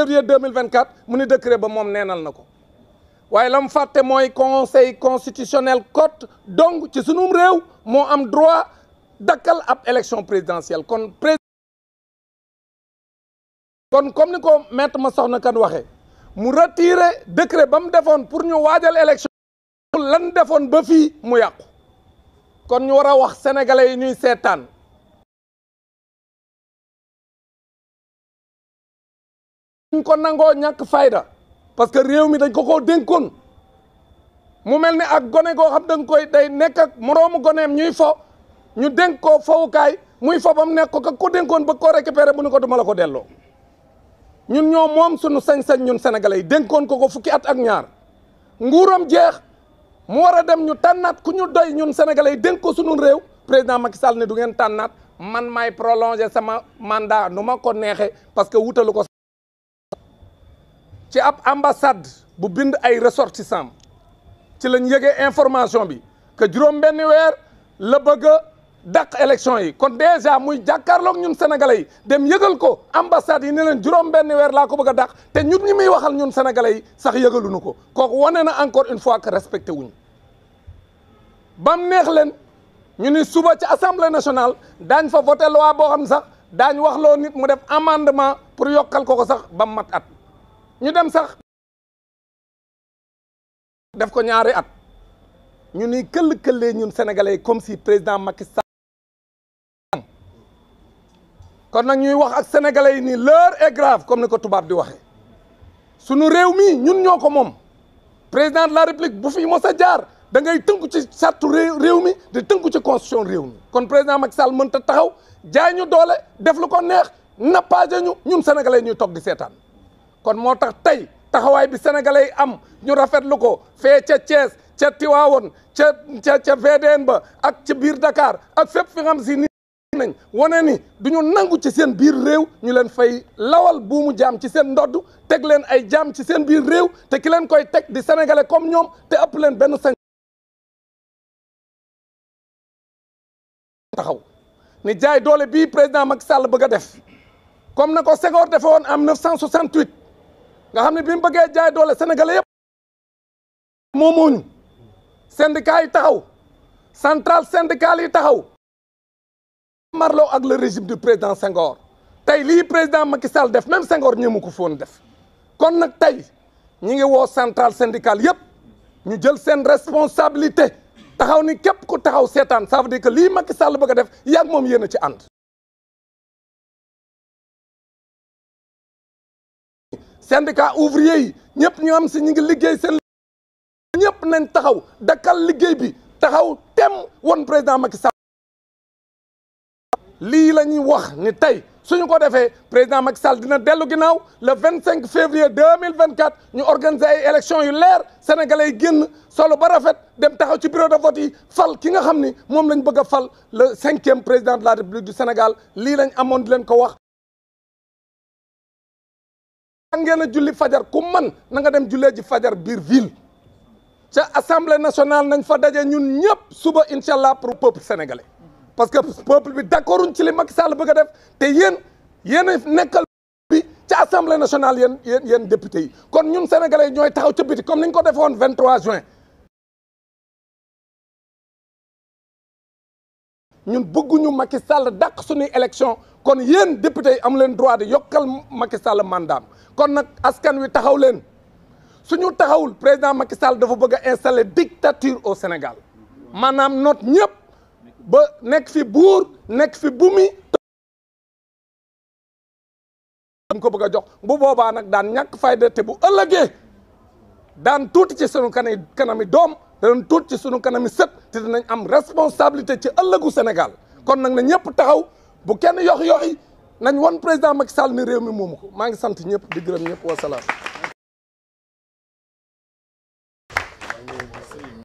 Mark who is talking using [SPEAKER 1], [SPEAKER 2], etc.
[SPEAKER 1] deux mille février 2024 mu ni décret ba moom neenal na ko waaye lam fàtte mooy conseil constitutionnel cote donc ci sunum réew moo am droit dakkal ab élection présidentielle kon pré kon comme ni ko ma soxna kan waxee mu retirer décret ba mu defoon pour ñu waajal élection lan defoon ba fi mu yàqu kon ñu war a wax sénégalais
[SPEAKER 2] yi ñuy seetaan
[SPEAKER 1] ñu ko nangoo ñàkk fayda parce que réew mi dañ ko ko dénkoon mu mel ni ak gone goo xam danga koy day nekk ak moroomu goneem ñuy fo ñu dénk ko fowukaay muy fo bam nekk ko ka ko dénkoon ba koo récupéré bu ni ko duma la ko delloo ñun ñoo moom sunu sañ-sañ ñun sénégalais yi dénkoon ko ko fukki at ak ñaar nguuram jeex mu war a dem ñu tànnaat ku ñu doy ñun sénégalais yi dénk ko suñu réew président Macky Sall ne du ngeen tànnaat man maay prolonger sama mandat nu ma ko neexee parce que wutalu ko ci ab ambassade bu bind ay ressortissants ci lañ yëgee information bi que juróom benn weer la bëgg a dàq élection yi kon déjà muy jàkkaarloog ñun sénégalais yi dem yëgal ko ambassade yi ne leen juróom benn weer laa ko bëgg a dàq te ñun ñi muy waxal ñun sénégalais yi sax yëgaluñu ko kooku wane na encore une fois que respecté wuñu bam neex leen ñu ni suba ci assemblée national daañ fa voté loi boo xam ne sax daañ wax loo nit mu def amendement pour yokkal ko ko sax ba mu mat ñu dem sax def ko ñaari at ñu ni këll-këllee ñun sénégalais comme si président Macky Sall kon nag ñuy wax ak sénégalais yi ni l'heure est grave comme ni ko tubaab di waxee sunu réew mi ñun ñoo ko moom président la république bu fi mos a jaar da ngay tënku ci charte réew mi di tënku ci constitution réew mi kon président Macky Sall mënta taxaw jaay ñu doole def lu ko neex nappaaje ñu ñun sénégalais ñuy toog di seetaan kon moo tax tey taxawaay bi sénégalais yi am ñu rafetlu ko fee ca Thiès ca Tiwaawoon ca ca ca VDN ba ak ca biir Dakar ak fépp fi nga xam si ni wane ni du ñu nangu ci seen biir réew ñu leen fay lawal buumu jaam ci seen ndodd teg leen ay jaam ci seen biir réew te ki leen koy teg di sénégalais comme
[SPEAKER 2] ñoom te ëpp leen benn sañ
[SPEAKER 1] taxaw ni jaay doole bi président Macky Sall bëgg a def comme na ko Senghor defe woon am 968 nga xam ne bi mu bëggee jaay doole sénégalais yëpp moo mooñu syndicat yi taxaw centrale syndicale yi taxaw marlo ak le régime du président Senghor tey lii président Macky Sall def même Senghor ñëmu ko foon def kon nag tey ñi ngi woo centrale syndicale yëpp ñu jël seen responsabilité taxaw ni képp ku taxaw seetaan ça veut dire que lii Macky Sall
[SPEAKER 2] bëgg a def yàgg moom yéen a ci ànd
[SPEAKER 1] syndicat ouvrier yi ñëpp ñu am si ñu ngi liggéey seen ñëpp nañ taxaw dakkal liggéey bi taxaw tem won président Macky Sall lii la ñuy wax ni tey ñu ko defee président Macky Sall dina dellu ginnaaw le vingt cinq février deux mille vingt quatre ñu organiser ay élections yu leer sénégalais yi génn solo ba rafet dem taxaw ci bureau de vote yi fal ki nga xam ni moom lañ bëgg fal le cinquième président de la république du Sénégal lii lañ amoon di leen ko wax. man ngeen a julli fajar ku man na dem jullee ji fajar biir ville ca assemblée nationale nañ fa dajee ñun ñëpp suba incha allah pour peuple sénégalais parce que peuple bi d'accorduñ ci li Macky Sall bëgg a def te yéen yéen a nekkal bi ca assemblée nationale yéen yéen yéen député kon ñun sénégalais yi ñooy taxaw ca comme ni ko defoon 23
[SPEAKER 2] juin ñun
[SPEAKER 1] bëgguñu Macky Sall dàq suñuy élection kon yéen député yi am leen droit de yokkal Macky Sall mandaam kon nag askan wi taxaw leen suñu taxawul président Macky Sall dafa bëgg a installer dictature au Sénégal maanaam noot ñëpp ba nekk fi buur nekk fi bumi dañ ko bëgg a jox bu boobaa nag daan ñàkk fayda te bu ëllëgee daan tuuti ci sunu kanami kanami doom danañ tuut ci sunu kanami sët te dinañ am responsabilité ci ëllëgu Sénégal kon nag na ñëpp taxaw bu kenn yox yoxi nañ wan président mak Sall ni réew mi moomu ko maa ngi sant ñëpp di gërëm ñëpp wasalaam